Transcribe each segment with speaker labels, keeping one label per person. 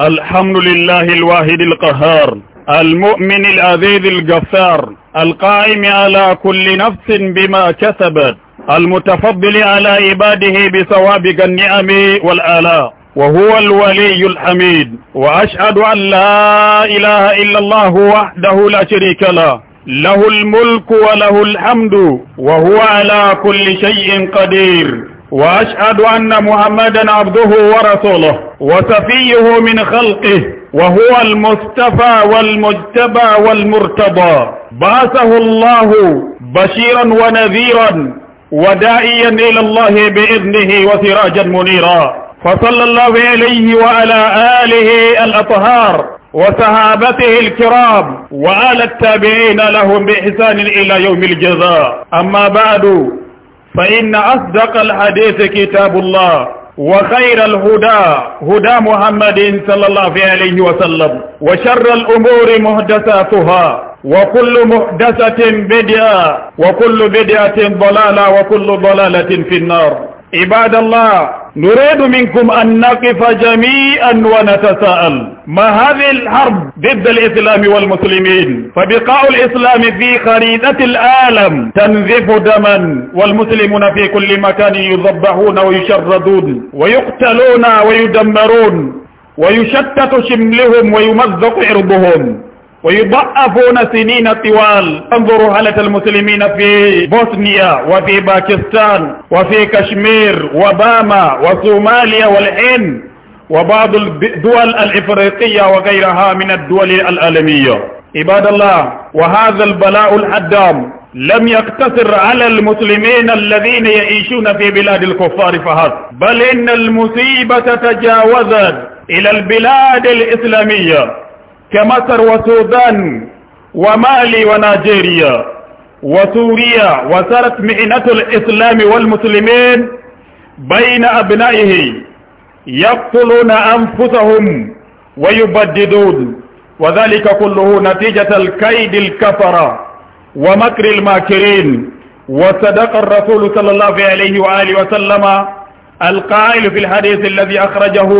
Speaker 1: الحمد لله الواحد القهار المؤمن العزيز الجفار القائم على كل نفس بما كسبت المتفضل على عباده بسوابق النعم والآلاء وهو الولي الحميد وأشهد أن لا إله إلا الله وحده لا شريك له له الملك وله الحمد وهو على كل شيء قدير وأشهد أن محمدا عبده ورسوله وسفيه من خلقه وهو المصطفى والمجتبى والمرتضى بعثه الله بشيرا ونذيرا وداعيا إلى الله بإذنه وسراجا منيرا فصلى الله عليه وعلى آله الأطهار وصحابته الكرام وآل التابعين لهم بإحسان إلى يوم الجزاء أما بعد فإن أصدق الحديث كتاب الله وخير الهدى هدى محمد صلى الله عليه وسلم وشر الأمور محدثاتها وكل محدثة بدعة وكل بدعة ضلالة وكل ضلالة في النار عباد الله نريد منكم أن نقف جميعا ونتساءل ما هذه الحرب ضد الإسلام والمسلمين فبقاء الإسلام في خريطة العالم تنزف دما والمسلمون في كل مكان يذبحون ويشردون ويقتلون ويدمرون ويشتت شملهم ويمزق عرضهم ويضعفون سنين طوال انظروا حالة المسلمين في بوسنيا وفي باكستان وفي كشمير وباما وصوماليا والهند وبعض الدول الإفريقية وغيرها من الدول العالمية عباد الله وهذا البلاء الحدام لم يقتصر على المسلمين الذين يعيشون في بلاد الكفار فحسب بل إن المصيبة تجاوزت إلى البلاد الإسلامية كمصر وسودان ومالي ونيجيريا وسوريا وصارت مئنة الإسلام والمسلمين بين أبنائه يقتلون أنفسهم ويبددون وذلك كله نتيجة الكيد الكفرة ومكر الماكرين وصدق الرسول صلى الله عليه وآله وسلم القائل في الحديث الذي أخرجه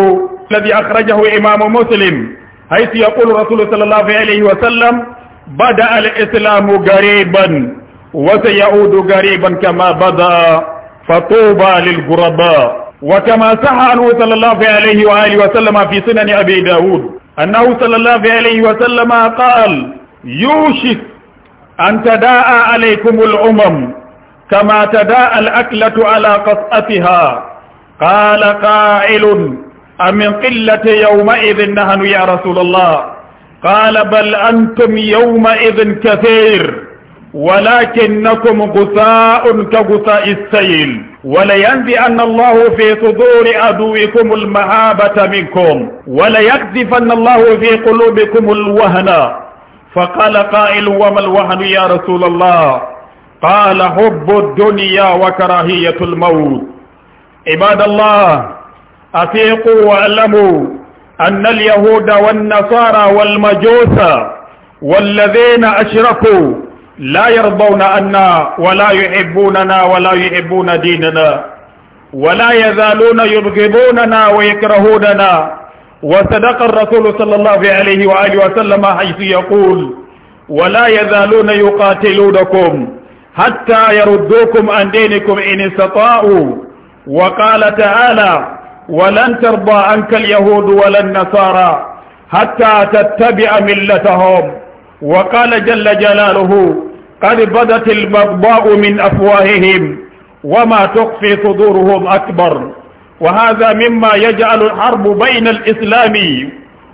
Speaker 1: الذي أخرجه إمام مسلم حيث يقول الرسول صلى الله عليه وسلم بدأ الإسلام غريبا وسيعود غريبا كما بدأ فطوبى للغرباء وكما صح عنه صلى الله عليه وآله وسلم في سنن أبي داود أنه صلى الله عليه وسلم قال يوشك أن تداء عليكم الأمم كما تداء الأكلة على قصأتها قال قائل أمن قلة يومئذ نهن يا رسول الله قال بل أنتم يومئذ كثير ولكنكم غثاء كغثاء السيل ولينزئن الله في صدور عدوكم المهابة منكم وليقذفن الله في قلوبكم الوهن فقال قائل وما الوهن يا رسول الله قال حب الدنيا وكراهية الموت عباد الله أفيقوا واعلموا أن اليهود والنصارى والمجوس والذين أشركوا لا يرضون أنا ولا يحبوننا ولا يحبون ديننا ولا يزالون يبغضوننا ويكرهوننا وصدق الرسول صلى الله عليه وآله وسلم حيث يقول ولا يزالون يقاتلونكم حتى يردوكم عن دينكم إن استطاعوا وقال تعالى ولن ترضى عنك اليهود ولا النصارى حتى تتبع ملتهم وقال جل جلاله قد بدت البغضاء من أفواههم وما تخفي صدورهم أكبر وهذا مما يجعل الحرب بين الإسلام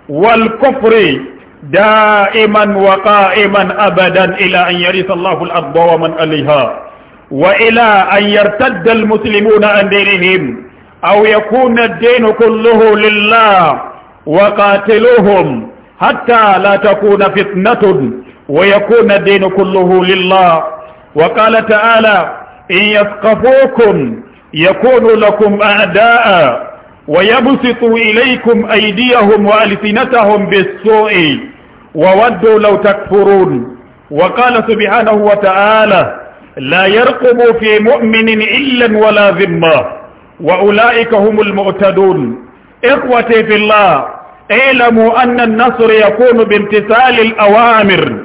Speaker 1: والكفر دائما وقائما أبدا إلى أن يرث الله الأرض ومن عليها وإلى أن يرتد المسلمون عن دينهم أو يكون الدين كله لله وقاتلوهم حتى لا تكون فتنة ويكون الدين كله لله وقال تعالى إن يثقفوكم يكونوا لكم أعداء ويبسطوا إليكم أيديهم وألسنتهم بالسوء وودوا لو تكفرون وقال سبحانه وتعالى لا يرقب في مؤمن إلا ولا ذمه وأولئك هم المؤتدون إخوتي في الله اعلموا أن النصر يكون بامتثال الأوامر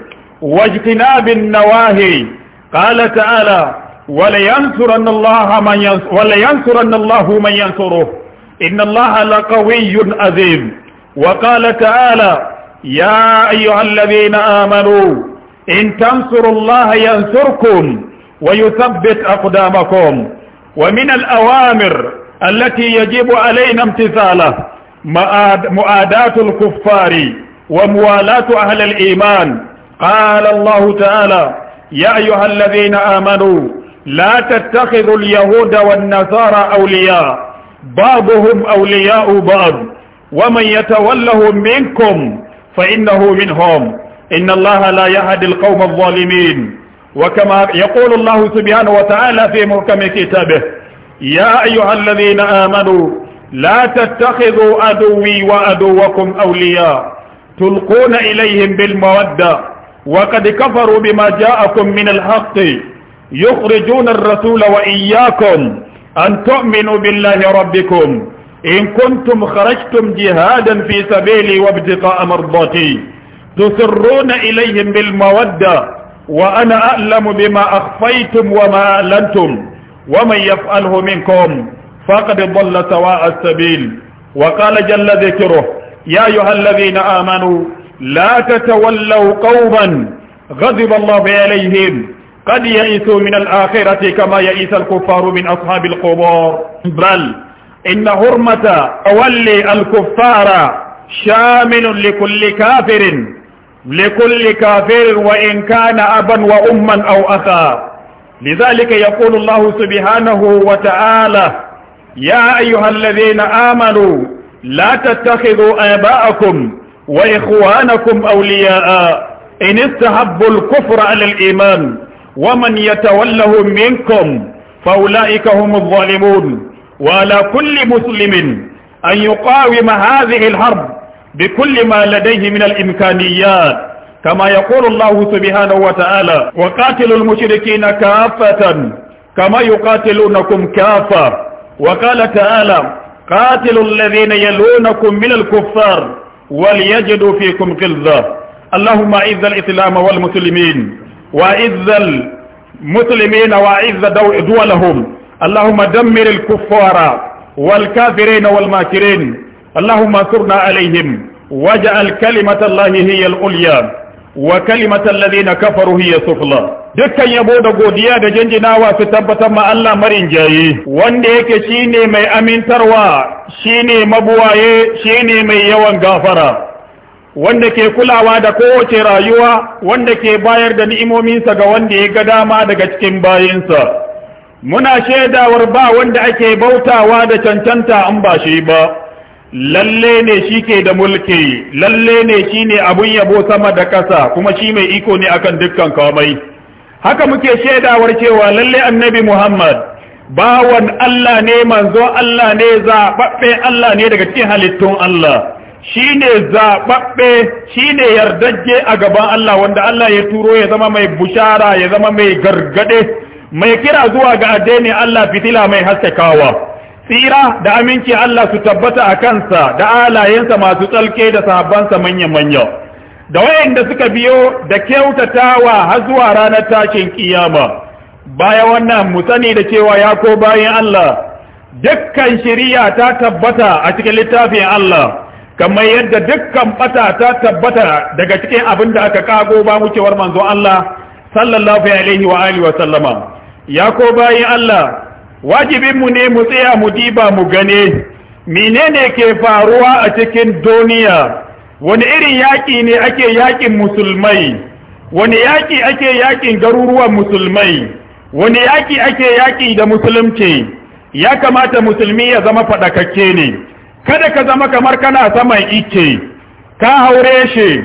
Speaker 1: واجتناب النواهي قال تعالى ولينصرن الله من ينصر ولينصرن الله من ينصره إن الله لقوي عزيز وقال تعالى يا أيها الذين آمنوا إن تنصروا الله ينصركم ويثبت أقدامكم ومن الأوامر التي يجب علينا امتثالها مؤاداة الكفار وموالاة أهل الإيمان قال الله تعالى يا أيها الذين آمنوا لا تتخذوا اليهود والنصارى أولياء بعضهم أولياء بعض ومن يتولهم منكم فإنه منهم إن الله لا يهدي القوم الظالمين وكما يقول الله سبحانه وتعالى في محكم كتابه يا أيها الذين آمنوا لا تتخذوا عدوي وعدوكم أولياء تلقون إليهم بالمودة وقد كفروا بما جاءكم من الحق يخرجون الرسول وإياكم أن تؤمنوا بالله ربكم إن كنتم خرجتم جهادا في سبيلي وابتقاء مرضاتي تسرون إليهم بالمودة وأنا أعلم بما أخفيتم وما أعلنتم ومن يفعله منكم فقد ضل سواء السبيل وقال جل ذكره يا أيها الذين آمنوا لا تتولوا قوما غضب الله عليهم قد يئسوا من الآخرة كما يئس الكفار من أصحاب القبور بل إن حرمة تولي الكفار شامل لكل كافر لكل كافر وإن كان أبا وأما أو أخا لذلك يقول الله سبحانه وتعالى يا أيها الذين آمنوا لا تتخذوا آباءكم وإخوانكم أولياء إن استحبوا الكفر على الإيمان ومن يتوله منكم فأولئك هم الظالمون وعلى كل مسلم أن يقاوم هذه الحرب بكل ما لديه من الإمكانيات كما يقول الله سبحانه وتعالى وقاتلوا المشركين كافة كما يقاتلونكم كافة وقال تعالى قاتلوا الذين يلونكم من الكفار وليجدوا فيكم غلظة اللهم أعز الإسلام والمسلمين وأعز المسلمين وأعز دولهم اللهم دمر الكفار والكافرين والماكرين اللهم انصرنا عليهم واجعل كلمة الله هي العليا وكلمة الذين كفروا هي سفلى dukkan yabo da godiya da janjinawa su tabbatar ma Allah marin jaye wanda yake shine mai amintarwa shine mabuwaye shine mai yawan gafara wanda ke kulawa da kowace rayuwa wanda ke bayar da ni'imominsa ga wanda ya ga dama daga cikin bayinsa muna shaidawar ba wanda ake bautawa da cancanta an ba shi ba lalle ne shi ke da mulki lalle ne shi ne abun yabo sama da ƙasa kuma shi mai iko ne akan dukkan komai haka muke shaidawar cewa lalle annabi muhammad bawan allah ne manzo allah ne zaɓaɓɓe allah ne daga cikin halittun allah shi ne zaɓaɓɓe shi ne yardajje a gaban allah wanda allah ya turo ya zama mai bushara ya zama mai gargaɗe mai kira zuwa ga addinin allah fitila mai haskakawa tsira da aminci Allah su tabbata a kansa da alayensa masu tsalke da sahabbansa manya-manya da wayanda suka biyo da kyautatawa har zuwa ranar tashin kiyama baya wannan mu sani da cewa ya ko bayan Allah dukkan shari'a ta tabbata a cikin littafin Allah kamar yadda dukkan bata ta tabbata daga cikin abin da aka kago ba wucewar manzo Allah sallallahu alaihi wa alihi wa sallama ya ko bayan Allah wajibinmu ne mu tsaya mu diba mu gane menene ke faruwa a cikin duniya wani irin yaƙi ne ake yaƙin musulmai wani yaƙi ake yaƙin garuruwan musulmai wani yaƙi ake yaƙi da musulunci ya kamata musulmi ya zama faɗakakke ne kada ka zama kamar kana saman ike ka haure shi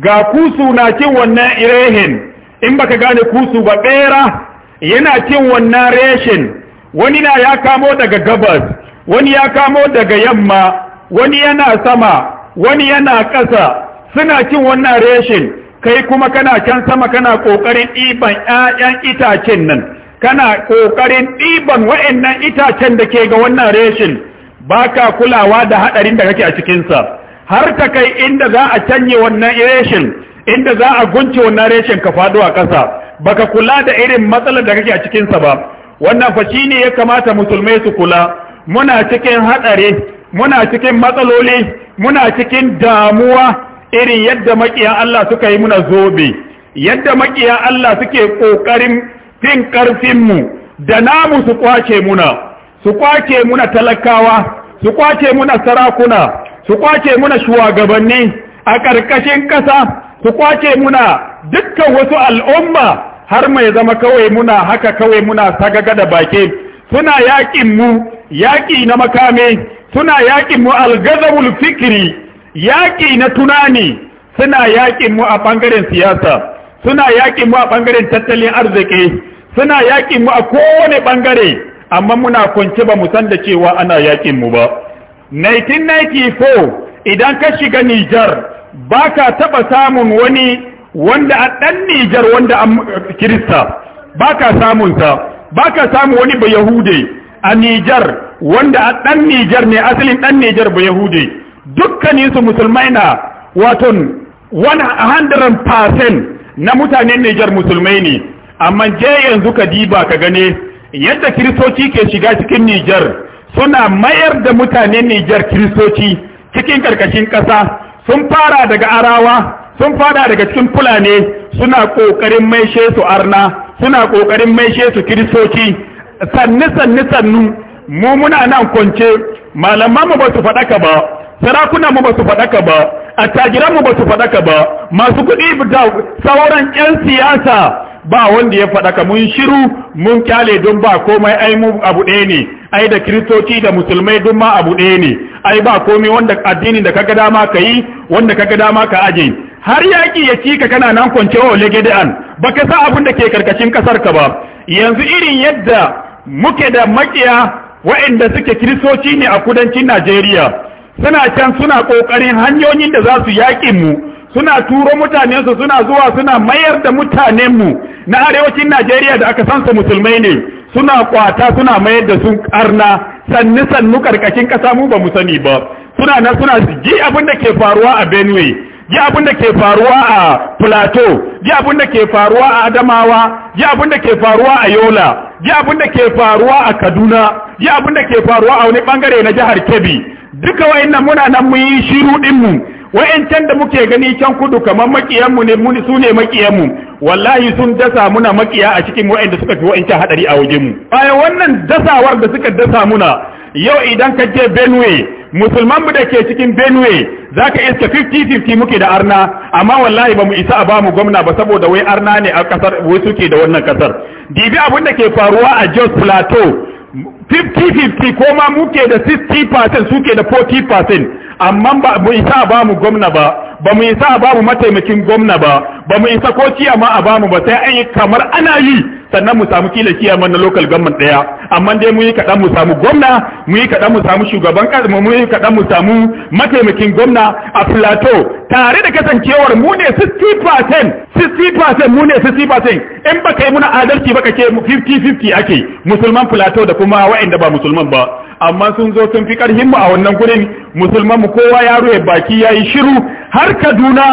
Speaker 1: ga kusu na cin wannan irehin in baka gane kusu ba ɓera yana cin wannan reshin wani na ya kamo daga gabas wani ya kamo daga yamma wani yana sama wani yana ƙasa suna cin wannan reshin kai kuma kana can sama kana ƙoƙarin ɗiban 'ya'yan itacen nan kana ƙoƙarin ɗiban wa'annan itacen da ke ga wannan reshin baka kulawa da haɗarin da kake a cikinsa har ta kai inda za a canye wannan reshin inda za a gunce wannan reshin ka faɗo a ƙasa baka kula da irin matsalar da kake a cikinsa ba wannan fa ne ya kamata musulmai su kula muna cikin hadare muna cikin matsaloli muna cikin damuwa irin yadda makiya Allah suka yi muna zobe yadda makiya Allah suke kokarin fin karfin mu da namu su kwace muna su kwace muna talakawa su kwace muna sarakuna su kwace muna shugabanni a ƙarƙashin ƙasa su kwace muna dukkan wasu al'umma har mai zama kawai muna haka kawai muna sagaga da bake suna yaƙin mu yaƙi na makame suna yaƙin mu algazabul fikri yaƙi na tunani suna yaƙin mu a ɓangaren siyasa suna yaƙin mu a ɓangaren tattalin arziki suna yaƙin mu a kowane ɓangare amma muna kwance ba mu san da cewa ana yaƙin mu ba 1994 idan ka shiga Nijar ba ka taɓa samun wani wanda a ɗan Nijar wanda a eh, Kirista ba ka samunsa ba ka samu wani ba Yahude a Nijar wanda a ɗan Nijar ne asalin ɗan Nijar ba Yahude dukkaninsu musulmai na waton 100% na mutanen Nijar musulmai ne amma je yanzu ka diba ka gane yadda kiristoci ke shiga cikin Nijar suna mayar da mutanen Nijar kiristoci cikin karkashin ƙasa sun fara daga arawa sun fada daga cikin fulani suna kokarin maishe su arna suna kokarin maishe su kiristoci sannu sannu sannu mu muna nan kwance malaman mu ba su faɗaka ba sarakuna mu ba su faɗaka ba attajiran mu ba su faɗaka ba masu kuɗi da sauran 'yan siyasa ba wanda ya faɗaka mun shiru mun kyale don ba komai ai mu abu ɗaya ne ai da kiristoci da musulmai duma ma abu ɗaya ne ai ba komai wanda addinin da kaga dama ka yi wanda kaga dama ka aje har yaƙi ya cika kana nan kwance wa kwancewa an ba ka sa abin da ke karkashin ƙasar ka ba yanzu irin yadda muke da makiya waɗanda suke kiristoci ne a kudancin najeriya suna can suna ƙoƙarin hanyoyin da za su yaƙi mu suna turo mutanensu suna zuwa suna mayar da mutanen mutanenmu na arewacin najeriya da aka san sansa musulmai ne suna kwata suna mayar da su arna sannu sannu karkashin ƙasa mu ba mu sani ba suna na suna ji abin da ke faruwa a benue ji abin da ke faruwa a plateau ji abin da ke faruwa a adamawa ji abin da ke faruwa a yola ji abin da ke faruwa a kaduna ji abin da ke faruwa a wani bangare na jihar kebbi duka wayannan muna nan mun yi shiru dinmu can da muke gani can kudu kamar makiyanmu ne mun su ne makiyanmu wallahi sun dasa muna makiya a cikin da suka fi can hadari a wajenmu bayan wannan dasawar da suka dasa muna yau idan ka je benue musulman da ke cikin benue za ka iska 50-50 muke da arna amma wallahi ba mu isa a ba mu gwamna ba saboda wai arna ne a kasar wai suke da wannan kasar dibi abin da ke faruwa a jos plateau 50-50 ko ma muke da 60% suke da 40% amma ba mu isa ba mu gwamna ba ba mu isa ba mu mataimakin gwamna ba ba mu isa ko ciyama a ba mu ba sai an yi kamar ana yi sannan mu samu kila ciyama na local government daya amma dai mu yi kaɗan mu samu gwamna mu yi kaɗan mu samu shugaban ƙasa mu yi kaɗan mu samu mataimakin gwamna a plateau tare da kasancewar mu ne 60% 60% mu ne 60% in ba yi muna adalci ba kake 50-50 ake musulman plateau da kuma wa'inda ba musulman ba amma sun zo sun fi ƙarfin mu a wannan gurin musulman mu kowa ya ruwe baki ya yi shiru har Kaduna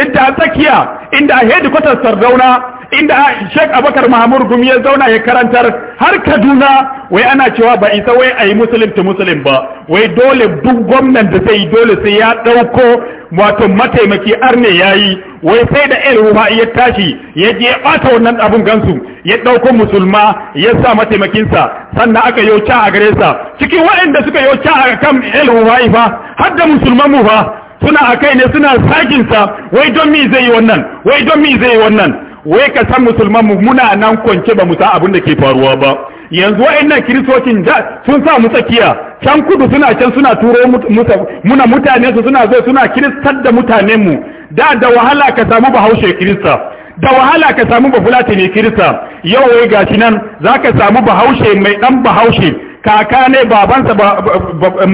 Speaker 1: inda tsakiya inda a hedikwatar Sardauna inda Sheikh Abubakar Mahmud Gumi ya zauna ya karantar har Kaduna wai ana cewa ba isa wai ayi musulun ta musulun ba wai dole duk gwamnan da sai dole sai ya dauko wato mataimaki arne yayi wai sai da El ya tashi ya je bata wannan abun gansu ya dauko musulma ya sa mataimakin sa sannan aka yo a gare sa cikin waɗanda suka yo a kan El fa har da musulman mu ba suna a kai ne suna sakin sa wai don me zai yi wannan wai don me zai yi wannan wai ka san musulman mu muna nan kwance ba mu san abin da ke faruwa ba yanzu wa'annan kiristocin da sun sa mu tsakiya can kudu suna can suna turo muna mutane su suna zo suna kiristar da mutanen mu da da wahala ka samu bahaushe kirista da wahala ka samu bafulati ne kirista yau wai gashi nan zaka samu bahaushe mai dan bahaushe kaka ne babansa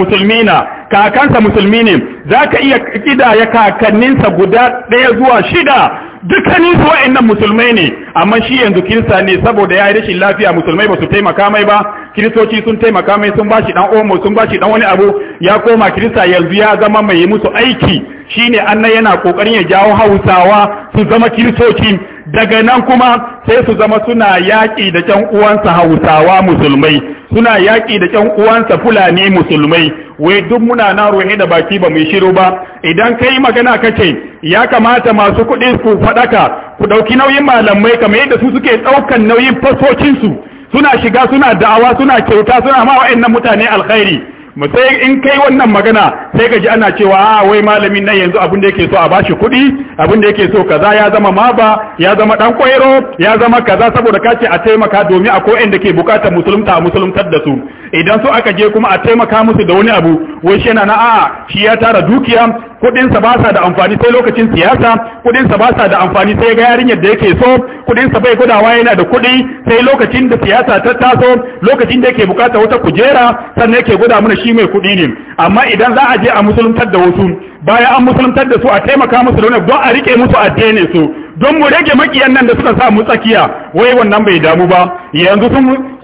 Speaker 1: musulmi na kakansa musulmi ne za ka iya kidaya kakanninsa guda ɗaya zuwa shida dukkanin su wa'annan musulmai ne amma shi yanzu kirista ne saboda ya yi rashin lafiya musulmai ba su taimaka mai ba kiristoci sun taimaka mai sun ba shi dan omo sun ba shi dan wani abu ya koma kirista yanzu ya zama mai musu aiki shine anna yana kokarin ya jawo hausawa su zama kiristoci daga nan kuma sai su zama suna yaƙi da ƙyan uwansa hausawa musulmai suna yaƙi da ƙyan uwansa fulani musulmai wai duk muna na ruhi da baki ba mu shiru ba idan kai magana kace ya kamata masu kuɗi ku faɗaka ku ɗauki nauyin malamai kamar yadda su suke ɗaukan nauyin fasocinsu suna shiga suna da'awa suna kyauta suna ma wa'annan mutane alkhairi mu sai in kai wannan magana sai ka ji ana cewa a ah, wai malamin nan yanzu abin da yake so a bashi kuɗi abin da yake so kaza ya zama maba ya zama dan kwairo ya zama kaza saboda ka ce a taimaka domin a koyan da ke bukatar musulunta a musuluntar da su idan so aka je kuma a taimaka musu da wani abu wai shi na a'a ah, shi ya tara dukiya kudinsa ba sa da amfani sai lokacin siyasa kudinsa ba sa da amfani sai ga yarinyar da yake so kudinsa bai gudawa yana da kudi sai lokacin da siyasa ta taso lokacin da yake bukata wata kujera sannan yake guda mana shi mai kudi ne amma idan za a je a musuluntar da wasu bayan an musuluntar da su a taimaka musu da wani don a rike musu addinin su don mu rage makiyan nan da suka sa mu tsakiya wai wannan bai damu ba yanzu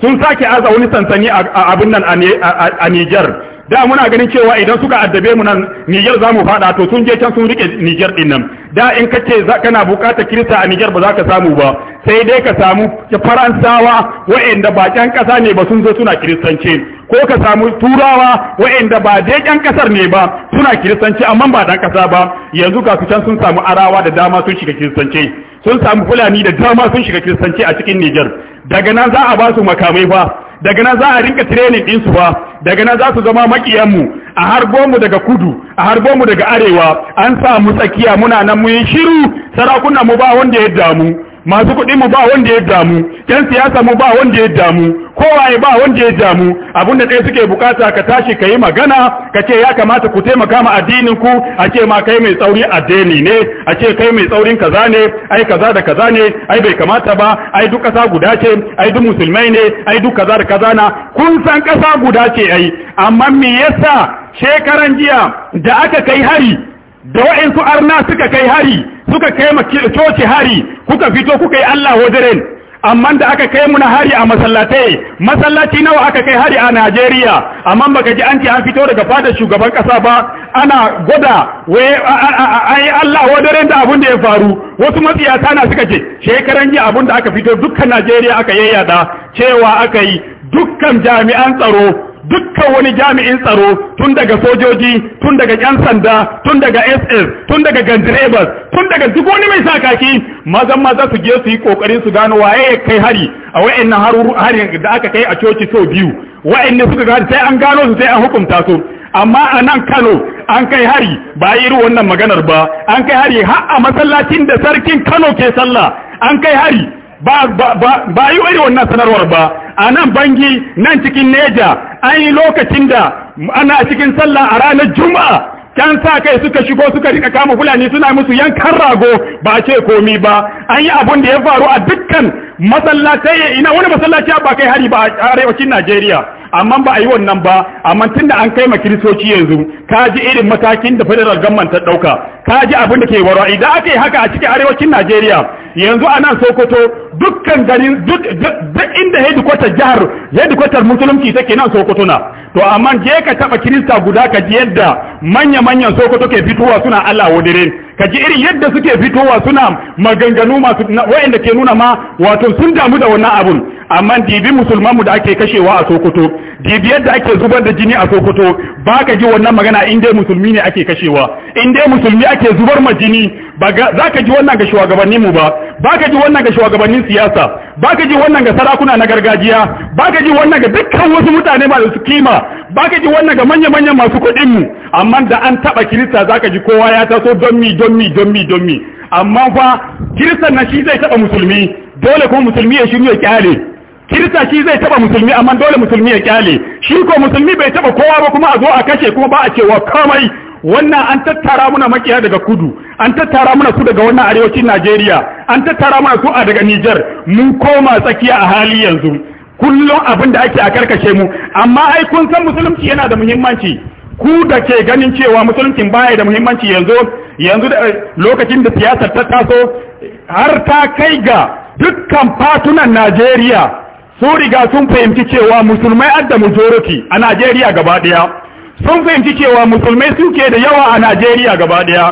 Speaker 1: sun sake aza wani sansani a abin nan a Nijar da muna ganin cewa idan suka addabe mu nan Niger za mu fada to sun je can sun rike Niger din nan da in kace kana bukatar kirista a Niger ba za ka samu ba sai dai ka samu Faransawa waɗanda ba ƴan ƙasa ne ba sun zo suna kiristanci ko ka samu Turawa waɗanda ba dai ƴan ƙasar ne ba suna kiristanci amma ba dan ƙasa ba yanzu ga su can sun samu Arawa da dama sun shiga kiristanci sun samu Fulani da dama sun shiga kiristanci a cikin Niger daga nan za a ba su makamai ba, daga nan za a rinka training din su ba daga nan za su zama makiyanmu a harbo mu daga kudu a harbo mu daga arewa an samu tsakiya muna nan mu yi shiru sarakunan mu ba wanda ya damu masu kuɗi mu ba wanda ya damu yan siyasa mu ba wanda ya damu kowaye ba wanda ya damu abinda ɗaya suke bukata ka tashi ka yi magana ka ce ya kamata ku taimaka ma addinin ku a ce ma kai mai tsauri addini ne a ce kai mai tsaurin kaza ne ai kaza da kaza ne ai bai kamata ba ai duk ƙasa guda ce ai duk musulmai ne ai duk kaza da kaza na kun san ƙasa guda ce ai amma me yasa shekaran jiya da aka kai hari da wa'insu arna suka kai hari suka kai coci hari kuka fito kuka yi Allah wajirin amma da aka kai mu na hari a masallatai masallaci nawa aka kai hari a Najeriya amma baka ji an ce an fito daga fadar shugaban kasa ba ana gwada wai ai Allah wajirin da abun da ya faru wasu matsiyata na suka ce shekaran yi abun da aka fito dukkan Najeriya aka yayyada cewa aka yi dukkan jami'an tsaro dukkan wani jami'in tsaro tun daga sojoji tun daga yan sanda tun daga ss tun daga gandirebas tun daga duk wani mai sa kaki mazan maza su je su yi kokarin su gano waye ya kai hari a wayannan harin da aka kai a coci sau biyu wayanne suka gani sai an gano su sai an hukunta su amma a nan kano an kai hari ba yi wannan maganar ba an kai hari har a masallacin da sarkin kano ke sallah an kai hari ba yi wani wannan sanarwar ba a nan bangi nan cikin neja an yi lokacin da ana cikin sallah a ranar juma'a can sa kai suka shigo suka rika kama fulani suna musu yankan rago ba ce komi ba an yi abun da ya faru a dukkan masallatai ina wani masallaci ba kai hari ba a arewacin najeriya amma ba a yi wannan ba amma tunda an kai ma kiristoci yanzu ka ji irin matakin da federal government ta dauka ka ji abin da ke wara idan aka yi haka a cikin arewacin Najeriya yanzu a nan Sokoto dukkan garin duk inda headquarter jihar headquarter musulunci take nan Sokoto na to amma je ka taba kirista guda ka ji yadda manya-manyan Sokoto ke fitowa suna Allah wadirin ka ji irin yadda suke fitowa suna maganganu masu wa'anda ke nuna ma wato sun damu da wannan abun amma dibi musulmanmu da ake kashewa a sokoto dibi yadda ake zubar da jini a sokoto ba ka ji wannan magana in dai musulmi ne ake kashewa in dai musulmi ake zubar ma jini za ka ji wannan ga shugabanninmu ba ba ka ji wannan ga shugabannin siyasa ba ka ji wannan ga sarakuna na gargajiya ba ka ji wannan ga dukkan wasu mutane masu kima ba ka ji wannan ga manya-manyan masu kuɗinmu amma da an taɓa kirista za ka ji kowa ya taso don mi don mi don mi don mi amma fa kiristan na shi zai taɓa musulmi dole kuma musulmi ya shirya kyale kirista shi zai taba musulmi amma dole musulmi ya kyale shi ko musulmi bai taba kowa ba kuma a zo a kashe kuma ba a cewa kamai wannan an tattara muna makiya daga kudu an tattara muna su daga wannan arewacin Najeriya an tattara muna su a daga Niger mun koma tsakiya a hali yanzu kullum abin da ake a karkashe mu amma ai kun san musulunci yana da muhimmanci ku da ke ganin cewa musulunci baya da muhimmanci yanzu yanzu da eh, lokacin da siyasar ta taso har ta kai ga dukkan fatunan Najeriya sun riga sun fahimci cewa musulmai adda majority a Najeriya gaba daya sun fahimci cewa musulmai suke da yawa a Najeriya gaba daya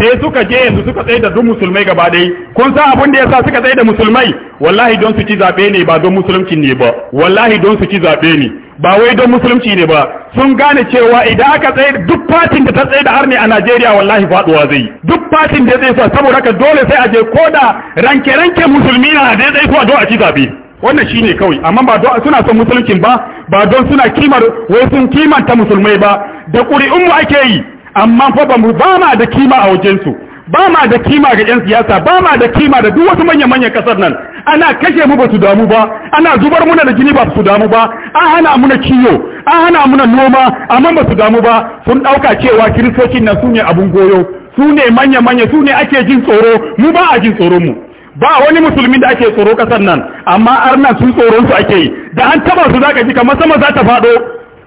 Speaker 1: sai suka je yanzu suka tsaye da duk musulmai gaba dai kun san abin da yasa suka tsaye da musulmai wallahi don su ci zabe ne ba don musulunci ne ba wallahi don su ci zabe ne ba wai don musulunci ne ba sun gane cewa idan aka tsaye duk fatin da ta tsaye da harni a Najeriya wallahi faduwa zai duk fatin da zai sa saboda haka dole sai a je koda ranke ranke musulmi na da zai so a do a ci zabe wannan shine kawai amma ba don suna son musulunci ba ba don suna kimar wai sun kimanta musulmai ba da ƙuri'un mu ake yi amma fa ba mu ba ma da kima a wajensu, su ba ma da kima ga yan siyasa ba ma da kima da duk wasu manyan manyan kasar nan ana kashe mu ba su damu ba ana zubar muna da jini ba su damu ba an hana muna ciwo an hana muna noma amma ba su damu ba sun ɗauka cewa kiristocin nan su ne abun goyo su ne manya manya su ne ake jin tsoro mu ba a jin tsoron mu ba wani musulmi da ake tsoro kasar nan amma arna sun tsoron su ake yi da an taba su zaka ji kamar sama za ta fado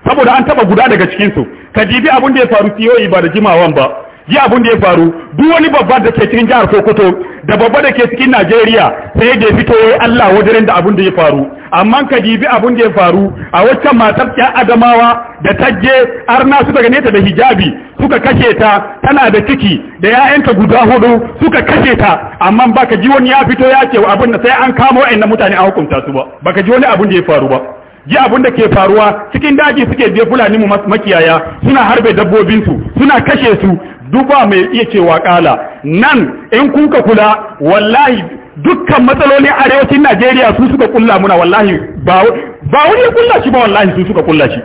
Speaker 1: saboda an taba guda daga cikin su ka jibi abin da ya faru tiyoyi ba da jimawan ba ji abin da ya faru duk wani babba da ke cikin jihar Sokoto da babba da ke cikin Najeriya sai da fito yi Allah wajen da abin da ya faru amma ka dibi abin da ya faru a waccan matar ta Adamawa da tagge arna su daga neta da hijabi suka kashe ta tana da ciki da ya'yanta guda hudu suka kashe ta amma baka ji wani ya fito ya ce abin da sai an kama wayannan mutane a hukunta su ba baka ji wani abin da ya faru ba ji abin da ke faruwa cikin daji suke biye fulani mu makiyaya suna harbe dabbobin su suna kashe su duba mai iya cewa kala nan in kuka kula wallahi dukkan matsalolin arewacin Najeriya su suka kulla muna wallahi ba wani ya kulla shi ba wallahi su suka kulla shi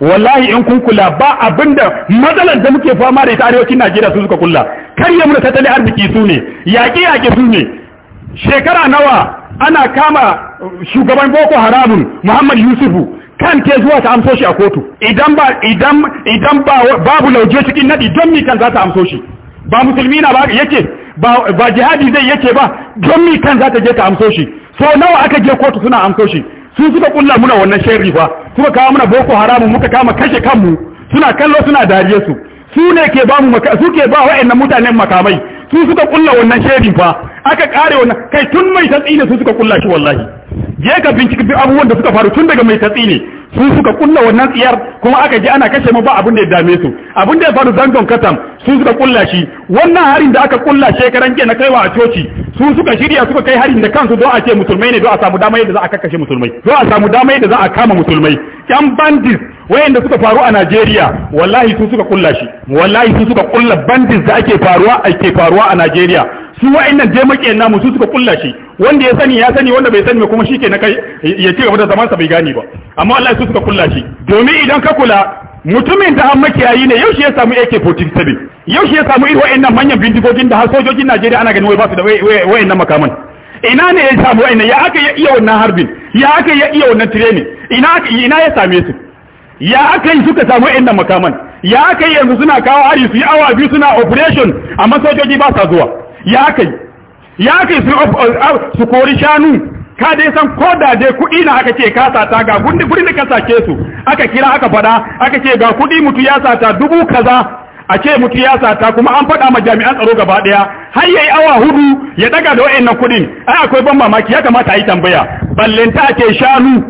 Speaker 1: wallahi in kun kula ba abinda matsalar da muke fama da ita arewacin Najeriya su suka kulla karya mu da tattalin arziki su ne yaƙe yaƙi su ne shekara nawa ana kama shugaban Boko Haramun Muhammad Yusufu kan ke zuwa ta amso shi a kotu idan ba idan idan ba babu lauje cikin nadi don mi kan za ta amso shi ba musulmi na ba yake ba ba jihadi zai yake ba don mi kan za ta je ta amso shi so nawa aka je kotu suna amso shi su suka kulla muna wannan sharri fa suka kawo muna boko haramun muka kama kashe kanmu suna kallo suna dariye su su ne ke ba mu su ke ba wa'annan mutanen makamai su suka kulla wannan sharri fa aka kare wannan kai tun mai tsatsi ne su suka kulla shi wallahi je ka binciki duk abubuwan da suka faru tun daga mai tatsi ne su suka kulla wannan tsiyar kuma aka ji ana kashe mu ba abin da ya dame su abin da ya faru zangon katam su suka kulla shi wannan harin da aka kulla shekaran jiya na kaiwa a coci su suka shirya suka kai harin da kansu don a ce musulmai ne don a samu damar yadda za a kakkashe musulmai don a samu dama yadda za a kama musulmai yan bandit wayanda suka faru a Najeriya wallahi su suka kulla shi wallahi su suka kulla bandit da ake faruwa ake faruwa a Najeriya su wa'annan je makiyan namu su suka kulla shi wanda ya sani ya sani wanda bai sani ba kuma shi ke na kai ya ci gaba da zaman sa bai gane ba amma Allah su suka kulla shi domin idan ka kula mutumin da an makiyayi ne yau shi ya samu AK47 yau shi ya samu irin wa'annan manyan bindigogin da har sojojin Najeriya ana ganin wai ba su da wa'annan makaman ina ne ya samu wa'annan ya aka ya iya wannan harbin ya aka ya iya wannan training ina ina ya same su ya aka yi suka samu wa'annan makaman ya aka yanzu suna kawo ari su yi awa biyu suna operation amma sojoji ba sa zuwa ya kai ya kai su kori shanu ka dai san ko da dai kuɗi na aka ce ka sata ga gundi gurin da ka sace su aka kira aka fada aka ce ga kuɗi mutu ya sata dubu kaza a ce mutu ya sata kuma an faɗa ma jami'an tsaro gaba daya har yayi awa hudu ya daga da wayannan kuɗin ai akwai ban mamaki ya kamata a yi tambaya ballenta ce shanu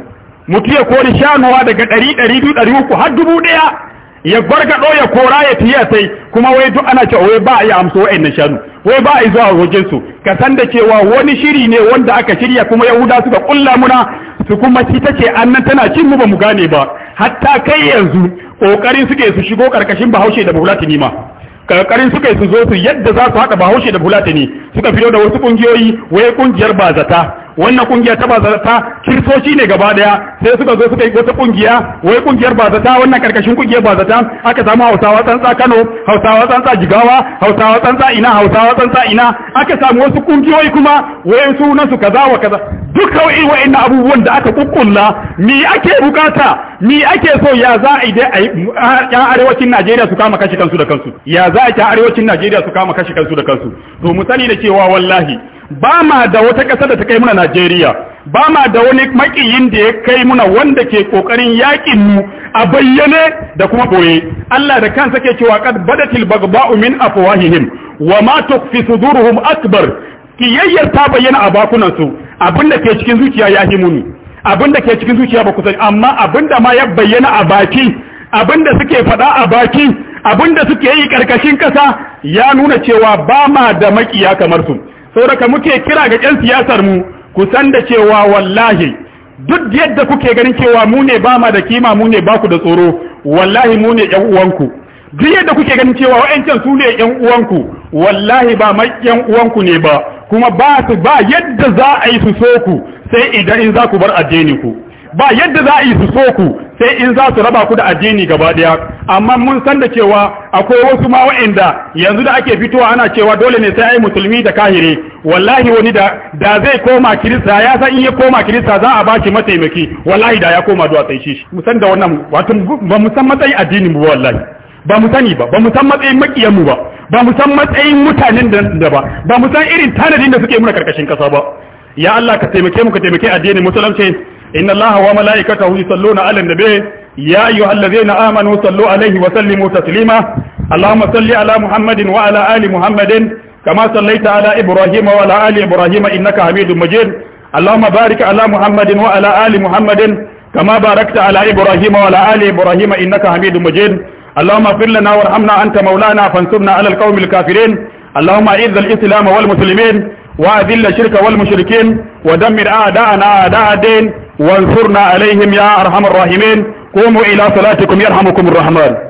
Speaker 1: mutu ya kori shanuwa daga ɗari ɗari 300 har dubu ɗaya ya gwargaɗo ya kora ya tiya sai kuma wai duk ana cewa wai ba a yi amsa wayannan shanu wai ba a zuwa wajen su ka san da cewa wani shiri ne wanda aka shirya kuma yahuda suka kulla muna su kuma ita ce annan tana cin mu ba mu gane ba hatta kai yanzu kokarin suke su shigo karkashin bahaushe da ne ma karkarin suka su zo su yadda za su haɗa bahaushe da bulatini suka fito da wasu ƙungiyoyi wai ƙungiyar bazata wannan kungiya ta bazata kirsoci ne gaba daya sai suka zo suka yi wata kungiya wai kungiyar bazata wannan karkashin kungiyar bazata aka samu hausawa tsantsa Kano hausawa tsantsa Jigawa hausawa tsantsa ina hausawa tsantsa ina aka samu wasu kungiyoyi kuma wai sunan su kaza wa kaza duk kawai inna abubuwan da aka kukkulla mi ake bukata mi ake so ya za a yi dai a arewacin Najeriya su kama kashi kansu da kansu ya za a yi arewacin Najeriya su kama kashi kansu da kansu to mu sani da cewa wallahi ba ma da wata ƙasa da ta kai muna Najeriya ba ma da wani makiyin da ya kai muna wanda ke ƙoƙarin yaƙinmu mu a bayyane da kuma ɓoye. Allah da kansa ke cewa qad badatil bagba'u min afwahihim wa ma tukfi suduruhum akbar kiyayyar ta bayyana a bakunan su abinda ke cikin zuciya ya yi muni abinda ke cikin zuciya ba ku sani amma abinda ma ya bayyana a baki abinda suke faɗa a baki abinda suke yi ƙarƙashin ƙasa ya nuna cewa ba ma da makiya kamar su sauraka muke kira ga 'yan siyasar mu ku san da cewa wallahi duk yadda kuke ganin cewa mu ne ba ma da kima mu ne ba ku da tsoro wallahi mu ne ƴan uwanku duk yadda kuke ganin cewa wa'ancan su ne ƴan uwanku wallahi ba mai ƴan uwanku ne ba kuma ba su ba yadda za a yi su so ku sai idan in za ku bar addini ku ba yadda za a yi su so ku sai in za su raba ku da addini gaba daya amma mun san da cewa akwai wasu ma wa'anda yanzu da ake fitowa ana cewa dole ne sai ai musulmi da kahire wallahi wani da da zai koma kirista ya san in ya koma kirista za a ba shi mataimaki wallahi da ya koma zuwa sai shi mun san da wannan wato ba mu san matsayin addini mu wallahi ba mu sani ba ba mu san matsayin makiyan mu ba ba mu san matsayin mutanen da ba ba mu san irin tanadin da suke muna karkashin kasa ba ya Allah ka taimake mu ka taimake addinin musulunci إن الله وملائكته يصلون على النبي يا أيها الذين آمنوا صلوا عليه وسلموا تسليما اللهم صل على محمد وعلى آل محمد كما صليت على إبراهيم وعلى آل إبراهيم إنك حميد مجيد اللهم بارك على محمد وعلى آل محمد كما باركت على إبراهيم وعلى آل إبراهيم إنك حميد مجيد اللهم اغفر لنا وارحمنا أنت مولانا فانصرنا على القوم الكافرين اللهم أعز الإسلام والمسلمين وأذل الشرك والمشركين ودمر أعداءنا أعداء الدين وانصرنا عليهم يا أرحم الراحمين قوموا إلى صلاتكم يرحمكم الرحمن